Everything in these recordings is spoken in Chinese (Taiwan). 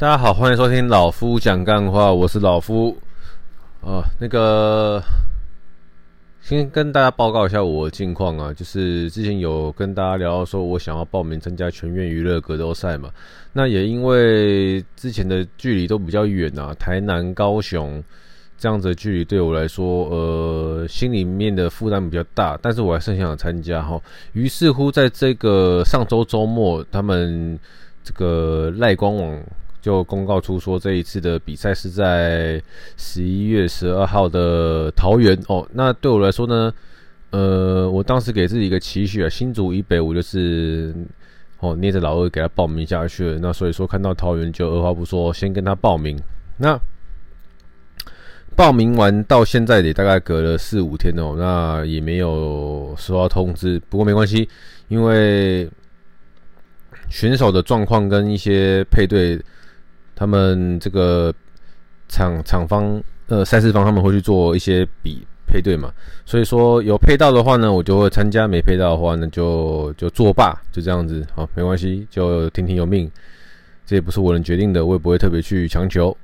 大家好，歡迎收聽老夫講幹話，我是老夫。呃，那個，先跟大家報告一下我的近況啊，就是之前有跟大家聊到說，我想要報名參加全院娛樂格鬥賽嘛。那也因為之前的距離都比較遠啊，台南、高雄這樣子的距離對我來說，呃，心裡面的負擔比較大。但是我還是想參加哈。於是乎，在這個上周周末，他們這個賴光網。就公告出說，這一次的比賽是在十一月十二號的桃園哦。那對我來說呢，呃，我當時給自己一個期許啊，新竹以北我就是哦捏着老二給他報名下去了，那所以說看到桃園就二話不說先跟他報名，那報名完到現在也大概隔了四五天哦，那也沒有收到通知，不過沒關係，因為選手的狀況跟一些配對。他們這個廠廠方呃賽事方他們會去做一些比配對嘛，所以說有配到的話呢，我就會參加；沒配到的話呢就，就就作罷，就這樣子。好，沒關係，就聽天由命。這也不是我能決定的，我也不會特別去強求。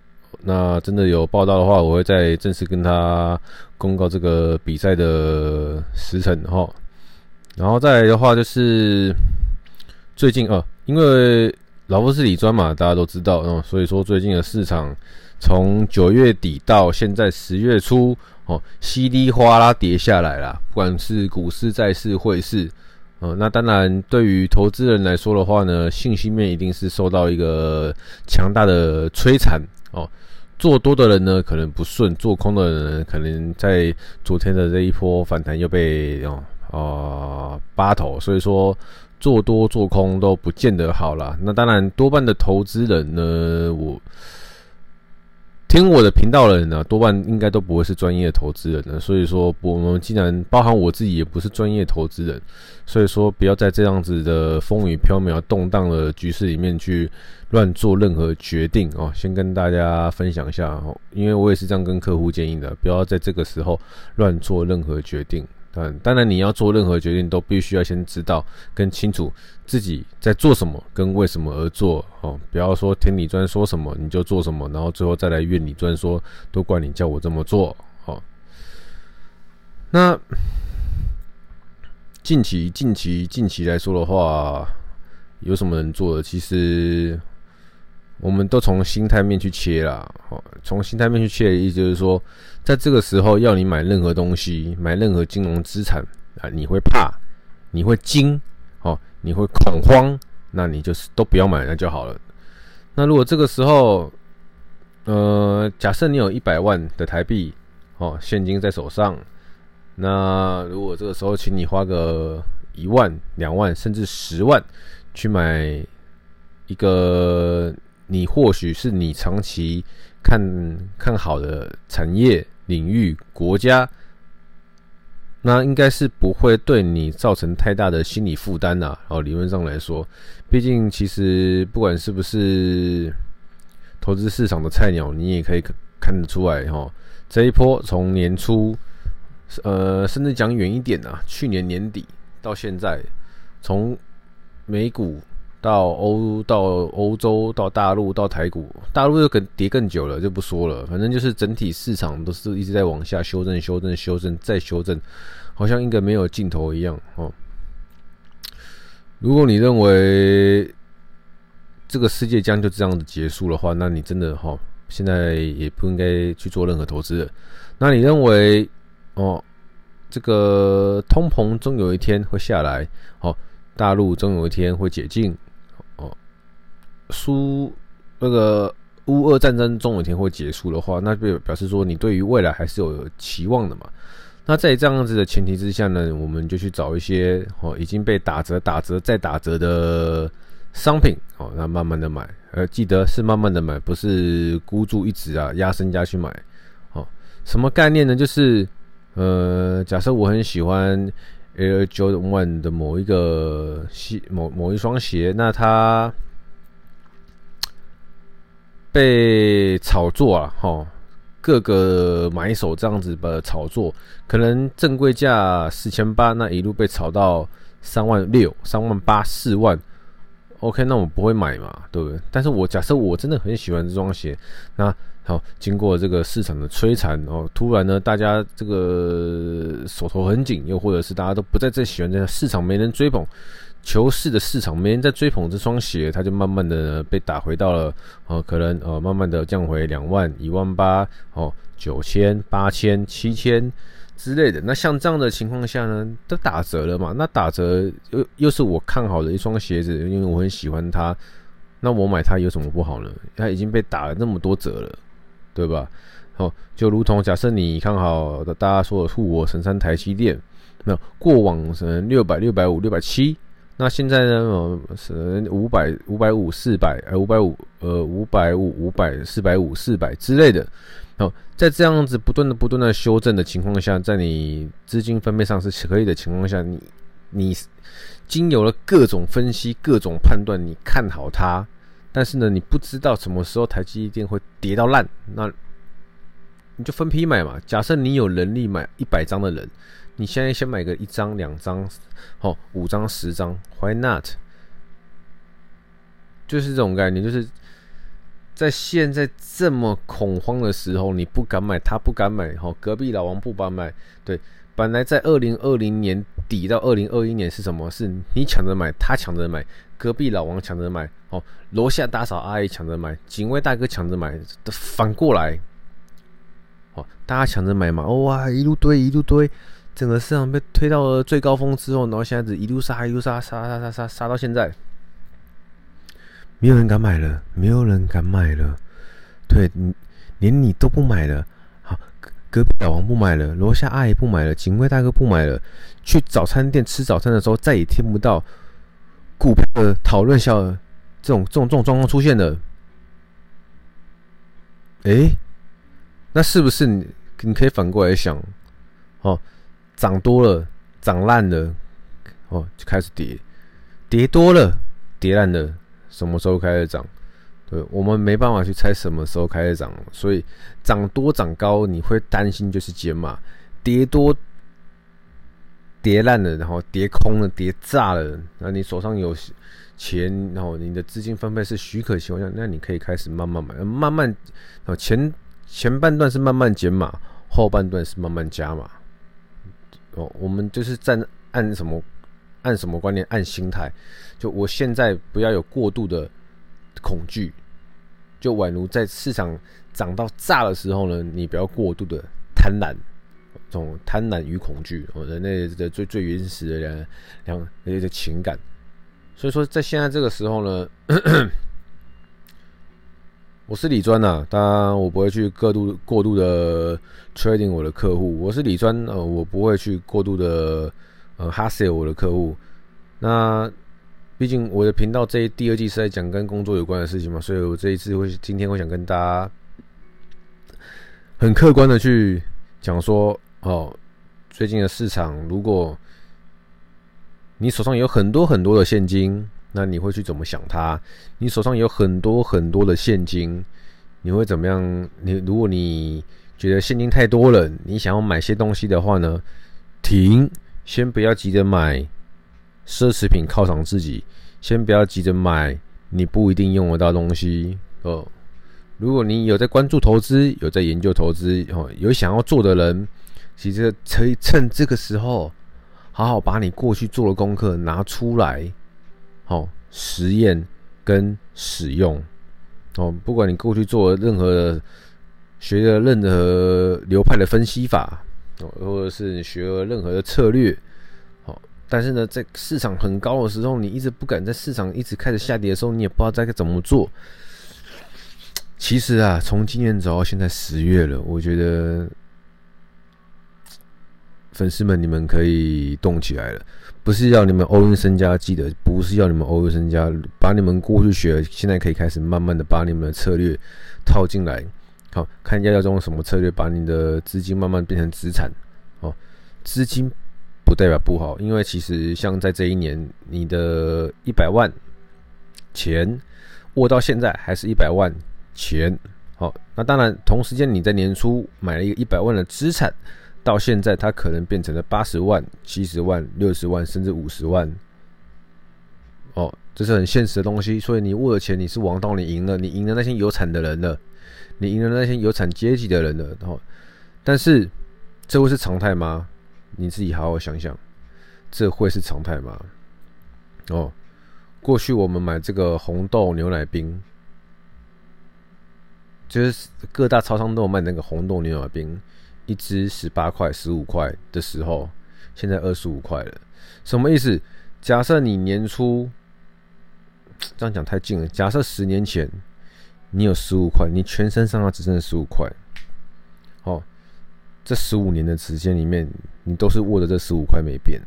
那真的有報道的話，我會再正式跟他公告這個比賽的時程好，然後再來的話就是最近啊、呃，因為。老夫是理專嘛，專大家都知道，嗯，所以說最近的市場，從九月底到現在十月初，哦，稀里嘩啦跌下來啦，不管是股市、債市、匯市、呃，那當然對於投資人來說的話呢，信心面一定是受到一個強大的摧殘，哦，做多的人呢可能不順，做空的人呢可能在昨天的這一波反彈又被，哦。哦，八頭，所以說做多做空都不見得好啦。那當然，多半的投資人呢，我聽我的頻道的人呢、啊，多半應該都不會是專業投資人。所以說，我們既然包含我自己也不是專業投資人，所以說不要在這樣子的風雨飄渺、動盪的局勢裡面去亂做任何決定哦、喔。先跟大家分享一下哦、喔，因為我也是這樣跟客戶建議的，不要在這個時候亂做任何決定。嗯，當然，你要做任何決定，都必須要先知道跟清楚自己在做什麼，跟為什麼而做哦。不要說聽理專說什麼你就做什麼，然後最後再來怨理專說都怪你叫我這麼做哦。那近期、近期、近期來說的話，有什麼能做的？其實。我們都從心態面去切啦，從心態面去切的意思就是說，在這個時候要你買任何東西，買任何金融資產啊，你會怕，你會驚，你會恐慌，那你就是都不要買，那就好了。那如果這個時候，呃，假設你有一百萬的台幣，哦，現金在手上，那如果這個時候，請你花個一萬、兩萬，甚至十萬去買一個。你或許是你長期看看好的產業領域國家，那應該是不會對你造成太大的心理負擔的啊，哦。理論上來說，畢竟其實不管是不是投資市場的菜鳥，你也可以看得出來哈。這一波從年初，呃，甚至講遠一點啊，去年年底到現在，從美股。到歐到歐洲到大陸到台股，大陸又更跌更久了，就不說了。反正就是整體市場都是一直在往下修正、修正、修正、再修正，好像應該沒有盡頭一樣哦。如果你認為這個世界將就這樣子結束的話，那你真的哈、哦，現在也不應該去做任何投資了。那你認為哦，這個通膨終有一天會下來，哦，大陸終有一天會解禁。輸那個烏俄戰爭總有一天會結束的話，那就表示說你對於未來還是有期望的嘛。那在這樣子的前提之下呢，我們就去找一些哦已經被打折、打折再打折的商品哦，那慢慢的買，呃，記得是慢慢的買，不是孤注一擲啊，壓身家去買哦。什麼概念呢？就是呃，假設我很喜歡 Air Jordan One 的某一個系某某一雙鞋，那它。被炒作啊，哈，各個買手這樣子的炒作，可能正規價四千八，那一路被炒到三萬六、三萬八、四萬，OK，那我不會買嘛，對不對？但是我假設我真的很喜歡這雙鞋，那好，經過這個市場的摧殘，哦，突然呢，大家這個手頭很緊，又或者是大家都不再最喜歡，這樣，市場沒人追捧。球市的市場，沒人在追捧這雙鞋，它就慢慢的被打回到了，呃、哦，可能呃慢慢的降回兩萬、一萬八、哦、九千、八千、七千之類的。那像這樣的情況下呢，都打折了嘛？那打折又又是我看好的一雙鞋子，因為我很喜歡它。那我買它有什麼不好呢？它已經被打了那麼多折了，對吧？哦，就如同假設你看好的，大家說的護國神山台積電，那過往是六百、六百五、六百七。那現在呢？是五百、五百五、四百，呃，五百五，呃，五百五、五百、四百五、四百之類的。哦，在這樣子不斷的、不斷的修正的情況下，在你資金分配上是可以的情況下，你你經由了各種分析、各種判斷，你看好它，但是呢，你不知道什麼時候台積電會跌到爛，那你就分批買嘛。假設你有能力買一百張的人。你現在先買個一張、兩張、喔，好五張、十張，Why not？就是這種概念，就是在現在這麼恐慌的時候，你不敢買，他不敢買，好、喔、隔壁老王不敢買。對，本來在二零二零年底到二零二一年是什麼？是你搶着買，他搶着買，隔壁老王搶着買，哦、喔、樓下打掃阿姨搶着買，警衛大哥搶着買，都反過來，哦、喔、大家搶着買嘛，哇，一路堆一路堆。一路堆整個市場被推到了最高峰之後，然後現在子一路殺一路殺，殺殺殺殺殺，殺到現在，沒有人敢買了，沒有人敢買了，對，你連你都不買了，好，隔壁老王不買了，樓下阿姨不買了，警衛大哥不買了，去早餐店吃早餐的時候再也聽不到股票討論下的這種這種這種狀況出現了，哎，那是不是你你可以反過來想，哦？漲多了，漲爛了，哦，就開始跌，跌多了，跌爛了，什麼時候開始漲？對，我們沒辦法去猜什麼時候開始漲，所以漲多漲高你會擔心就是減碼，跌多跌爛了，然後跌空了，跌炸了，那你手上有錢，然後你的資金分配是許可的情況下，那你可以開始慢慢買，慢慢，前前半段是慢慢減碼，後半段是慢慢加碼。哦，我們就是站按什麼，按什麼觀念，按心態，就我現在不要有過度的恐懼，就宛如在市場漲到炸的時候呢，你不要過度的貪婪，這種貪婪與恐懼，哦，人類的最最原始的兩那些的情感，所以說在現在這個時候呢。 我是李專吶、啊，當然我不會去過度過度的 trading 我的客戶。我是李專，呃，我不會去過度的呃 hustle 我的客戶。那畢竟我的頻道這一第二季是在講跟工作有關的事情嘛，所以我這一次會今天會想跟大家很客觀的去講說哦，最近的市場，如果你手上有很多很多的現金。那你會去怎麼想他？你手上有很多很多的現金，你會怎麼樣？你如果你覺得現金太多了，你想要買些東西的話呢？停，先不要急着買奢侈品犒賞自己，先不要急着買，你不一定用得到東西哦。如果你有在關注投資，有在研究投資哦，有想要做的人，其實可以趁這個時候，好好把你過去做的功課拿出來。好實驗跟使用哦，不管你過去做了任何的，學了任何流派的分析法哦，或者是你學了任何的策略，好，但是呢，在市場很高的時候，你一直不敢；在市場一直開始下跌的時候，你也不知道該怎麼做。其實啊，從今年走到現在十月了，我覺得。粉絲們，你們可以動起來了！不是要你們歐運身家，記得，不是要你們歐運身家，把你們過去學，現在可以開始慢慢的把你們的策略套進來，好，看一下要用什麼策略，把你的資金慢慢變成資產。哦，資金不代表不好，因為其實像在這一年，你的一百萬錢，握到現在還是一百萬錢。好，那當然同時間你在年初買了一個一百萬的資產。到現在，它可能變成了八十萬、七十萬、六十萬，甚至五十萬。哦，這是很現實的東西。所以你握了錢，你是王道，你贏了，你贏了那些有產的人了，你贏了那些有產階級的人了。哦，但是這會是常態嗎？你自己好好想想，這會是常態嗎？哦，過去我們買這個紅豆牛奶冰，就是各大超商都有賣那個紅豆牛奶冰。一支十八塊、十五塊的時候，現在二十五塊了，什麼意思？假設你年初，這樣講太近了。假設十年前你有十五塊，你全身上下只剩十五塊，哦，這十五年的時間裡面，你都是握着這十五塊沒變。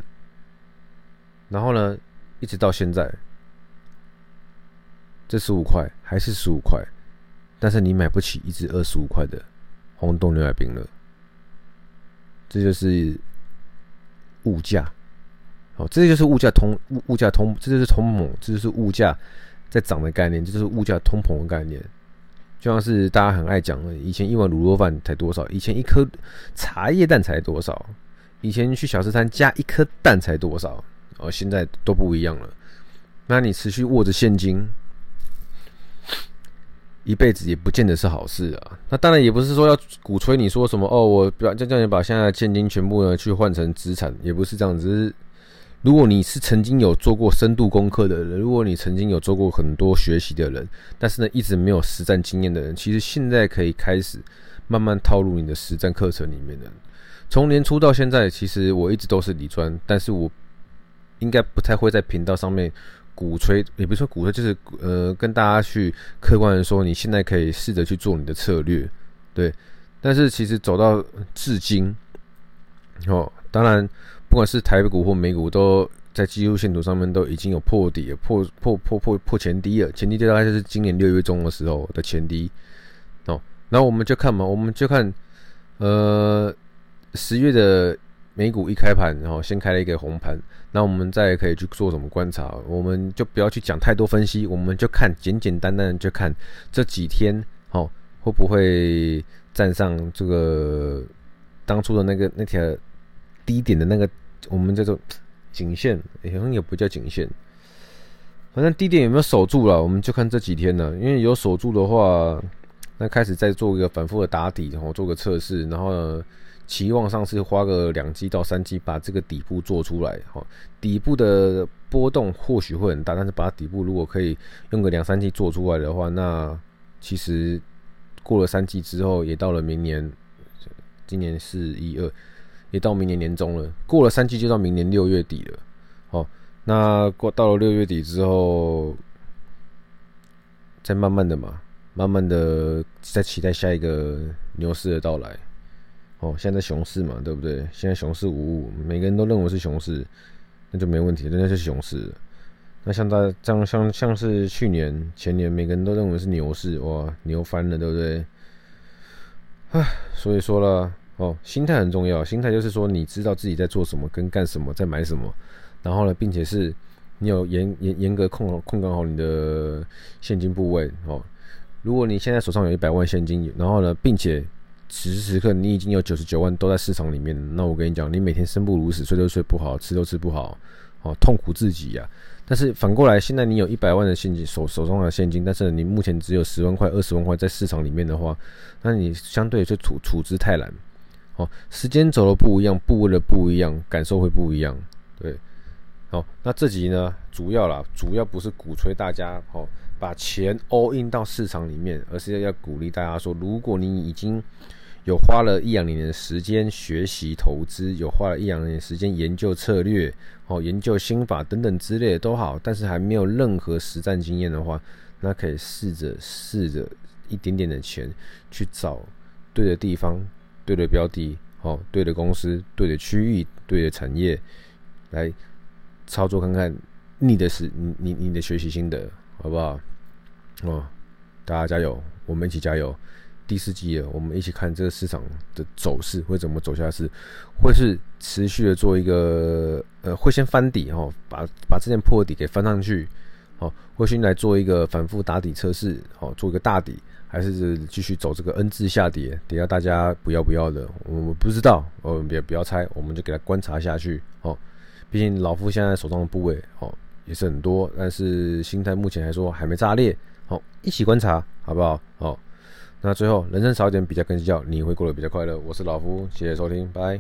然後呢，一直到現在，這十五塊還是十五塊，但是你買不起一支二十五塊的紅豆牛奶冰了。這就是物價，好、哦，這就是物價通物物價通，這就是通膨，這就是物價在漲的概念，這就是物價通膨的概念。就像是大家很愛講的，以前一碗滷肉飯才多少，以前一顆茶葉蛋才多少，以前去小吃攤加一顆蛋才多少，哦，現在都不一樣了。那你持續握着現金，一輩子也不見得是好事啊。那當然也不是說要鼓吹你說什麼哦，我叫叫你把現在的現金全部呢去換成資產，也不是這樣子。只是如果你是曾經有做過深度功課的人，如果你曾經有做過很多學習的人，但是呢一直沒有實戰經驗的人，其實現在可以開始慢慢套入你的實戰課程裡面的。從年初到現在，其實我一直都是理專，但是我應該不太會在頻道上面。鼓吹，也不是說鼓吹，就是呃，跟大家去客觀的說，你現在可以試着去做你的策略，對。但是其實走到至今，哦，當然，不管是台北股或美股，都在技術線圖上面都已經有破底了，破破破破破前低了，前低就大概就是今年六月中的時候的前低哦。那我們就看嘛，我們就看呃十月的。美股一開盤，然後先開了一個紅盤，那我們再可以去做什麼觀察？我們就不要去講太多分析，我們就看簡簡單單的，就看這幾天，哦，會不會站上這個當初的那個那條低點的那個，我們叫做頸線，也好像也不叫頸線，反正低點有沒有守住了？我們就看這幾天了，因為有守住的話，那開始再做一個反覆的打底，然後做個測試，然後呢。期望上次花個兩季到三季把這個底部做出來，底部的波動或許會很大，但是把它底部如果可以用個兩三季做出來的話，那其實過了三季之後，也到了明年，今年是一二，也到明年年中了，過了三季就到明年六月底了，那過到了六月底之後，再慢慢的嘛，慢慢的再期待下一個牛市的到來。哦，現在在熊市嘛，對不對？現在熊市無誤，每個人都認為是熊市，那就沒問題，真的是熊市了。那像大家這樣，像像是去年、前年，每個人都認為是牛市，哇，牛翻了，對不對？唉，所以說了，哦，心態很重要，心態就是說，你知道自己在做什麼，跟幹什麼，在買什麼，然後呢，並且是你有嚴嚴嚴格控控管好你的現金部位哦。如果你現在手上有一百萬現金，然後呢，並且。此時此刻，你已經有九十九萬都在市場裡面。那我跟你講，你每天生不如死，睡都睡不好，吃都吃不好，哦，痛苦至極呀。但是反過來，現在你有一百萬的現金，手手中的現金，但是你目前只有十萬塊、二十萬塊在市場裡面的話，那你相對就處處之泰然。哦，時間走了不一樣，部位的不一樣，感受會不一樣。對，好，那這集呢，主要啦，主要不是鼓吹大家哦把錢 all in 到市場裡面，而是要要鼓勵大家說，如果你已經有花了一兩年的時間學習投資，有花了一兩年的時間研究策略，哦，研究心法等等之類的都好，但是還沒有任何實戰經驗的話，那可以試着試着一點點的錢去找對的地方、對的標的、哦，對的公司、對的區域、對的產業來操作看看你的，你的是你你的學習心得，好不好？哦，大家加油，我們一起加油。第四季，我們一起看這個市場的走勢會怎麼走下去，會是持續的做一個呃，會先翻底哦、喔，把把這件破底給翻上去，好、喔，會先來做一個反覆打底測試，好、喔，做一個大底，還是繼續走這個 N 字下跌？等下大家不要不要的，我們不知道，呃，別不，不要猜，我們就給它觀察下去，好、喔，畢竟老夫現在手上的部位，好、喔、也是很多，但是心態目前來說還沒炸裂，好、喔，一起觀察好不好？哦、喔。那最後，人生少一點比較跟計較，你會過得比較快樂。我是老夫，謝謝收聽，拜。